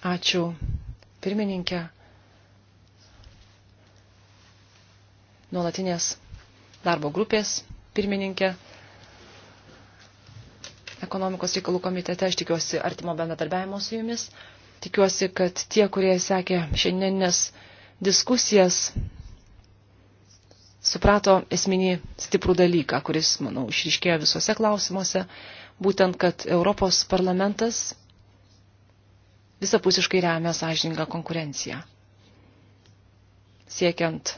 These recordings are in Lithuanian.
Ačiū, pirmininkė. Nuolatinės darbo grupės pirmininkė. Ekonomikos reikalų komitete aš tikiuosi artimo bendradarbiavimo su jumis. Tikiuosi, kad tie, kurie sekė šiandienės diskusijas, suprato esminį stiprų dalyką, kuris, manau, išriškėjo visose klausimuose, būtent, kad Europos parlamentas visapusiškai remia sąžiningą konkurenciją. Siekiant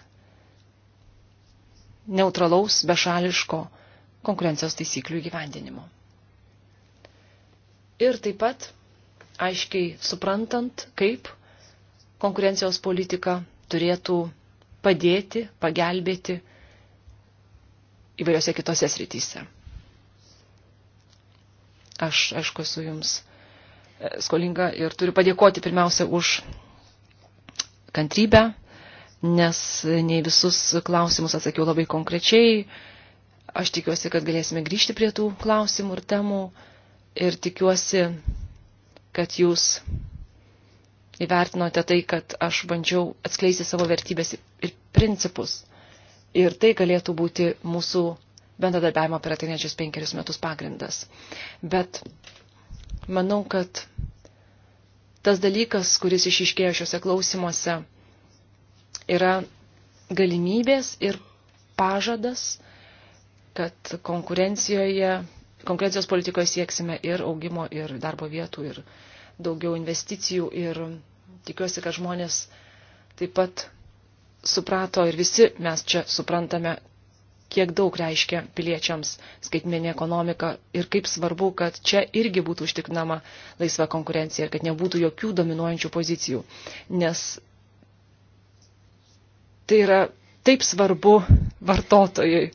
neutralaus, bešališko konkurencijos taisyklių įgyvendinimo. Ir taip pat aiškiai suprantant, kaip konkurencijos politika turėtų padėti, pagelbėti įvairiose kitose srityse. Aš, aišku, esu jums skolinga ir turiu padėkoti pirmiausia už kantrybę, nes nei visus klausimus atsakiau labai konkrečiai. Aš tikiuosi, kad galėsime grįžti prie tų klausimų ir temų ir tikiuosi, kad jūs įvertinote tai, kad aš bandžiau atskleisti savo vertybės ir principus. Ir tai galėtų būti mūsų bendradarbiavimo per ateinančius penkerius metus pagrindas. Bet manau, kad tas dalykas, kuris išiškėjo šiuose klausimuose, yra galimybės ir pažadas, kad konkurencijoje, konkurencijos politikoje sieksime ir augimo, ir darbo vietų, ir daugiau investicijų, ir tikiuosi, kad žmonės taip pat suprato ir visi mes čia suprantame, kiek daug reiškia piliečiams skaitmenė ekonomika ir kaip svarbu, kad čia irgi būtų užtikrinama laisva konkurencija ir kad nebūtų jokių dominuojančių pozicijų. Nes tai yra taip svarbu vartotojui.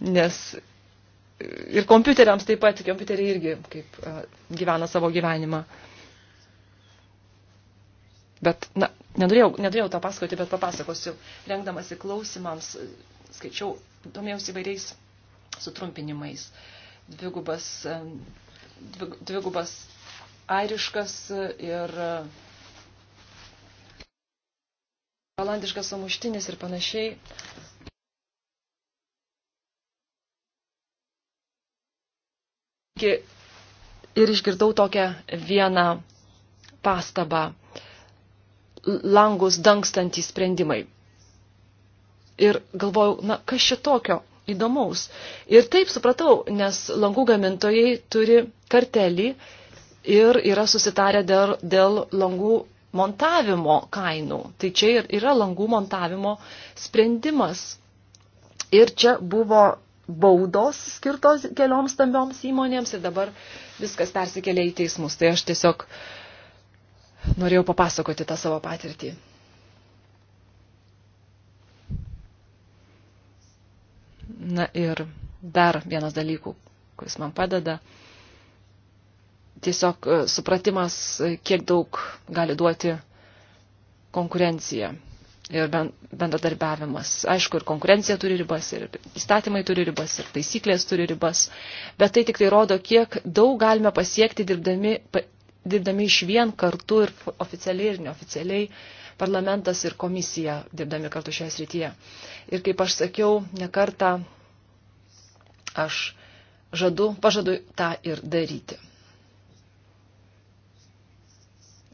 Nes ir kompiuteriams taip pat, kompiuteriai irgi kaip gyvena savo gyvenimą. Uh, Bet, na, nenorėjau, nenorėjau tą pasakoti, bet papasakosiu. Rengdamasi klausimams, skaičiau, domėjausi įvairiais sutrumpinimais. Dvigubas, dvig, dvigubas airiškas ir e, olandiškas samuštinis ir panašiai. Ir išgirdau tokią vieną pastabą langus dangstantys sprendimai. Ir galvojau, na, kas šitokio įdomaus. Ir taip supratau, nes langų gamintojai turi kartelį ir yra susitarę dėl, dėl langų montavimo kainų. Tai čia ir yra langų montavimo sprendimas. Ir čia buvo baudos skirtos kelioms stambioms įmonėms ir dabar viskas persikėlė į teismus. Tai aš tiesiog uh, norėjau papasakoti tą savo patirtį. Na ir dar vienas dalykų, kuris man padeda. Tiesiog e, supratimas, e, kiek daug gali duoti konkurencija ir bendradarbiavimas. Aišku, ir konkurencija turi ribas, ir įstatymai turi ribas, ir taisyklės turi ribas, bet tai tik tai rodo, kiek daug galime pasiekti dirbdami dirbdami iš vien kartu ir oficialiai ir neoficialiai parlamentas ir komisija dirbdami kartu šioje srityje. Ir kaip aš sakiau, nekartą aš žadu, pažadu tą ir daryti.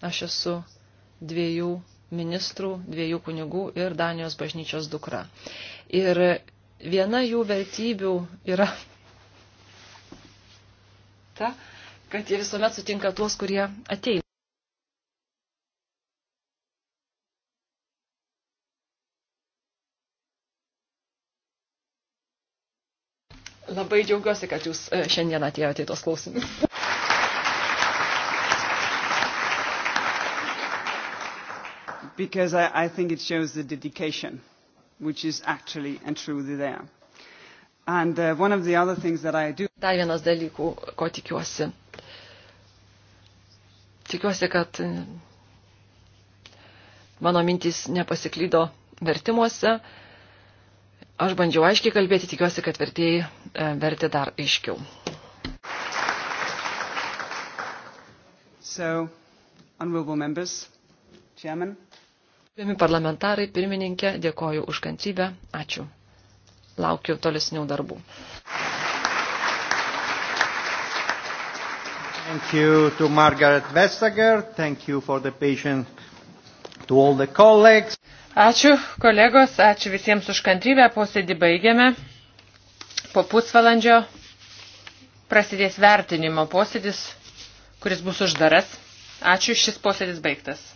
Aš esu dviejų ministrų, dviejų kunigų ir Danijos bažnyčios dukra. Ir viena jų vertybių yra ta, kad jie visuomet sutinka tuos, kurie ateina. Labai džiaugiuosi, kad jūs e, šiandien atėjote į tos klausimus. Because I, I think it shows the dedication, which is actually and truly there. And uh, one of the other things that I do. Dar vienas dalykų, ko tikiuosi Tikiuosi, kad mano mintys nepasiklydo vertimuose. Aš bandžiau aiškiai kalbėti, tikiuosi, kad vertėjai e, vertė dar aiškiau. So, honorable members, chairman. Gerbiami parlamentarai, pirmininkė, dėkoju už kantrybę. Ačiū. Laukiu tolesnių darbų. Thank you to Margaret Vestager, thank you for the patient to all the colleagues. Ačiū kolegos, ačiū visiems už kantrybę, posėdį baigiame. Po pusvalandžio prasidės vertinimo posėdis, kuris bus uždaras. Ačiū, šis posėdis baigtas.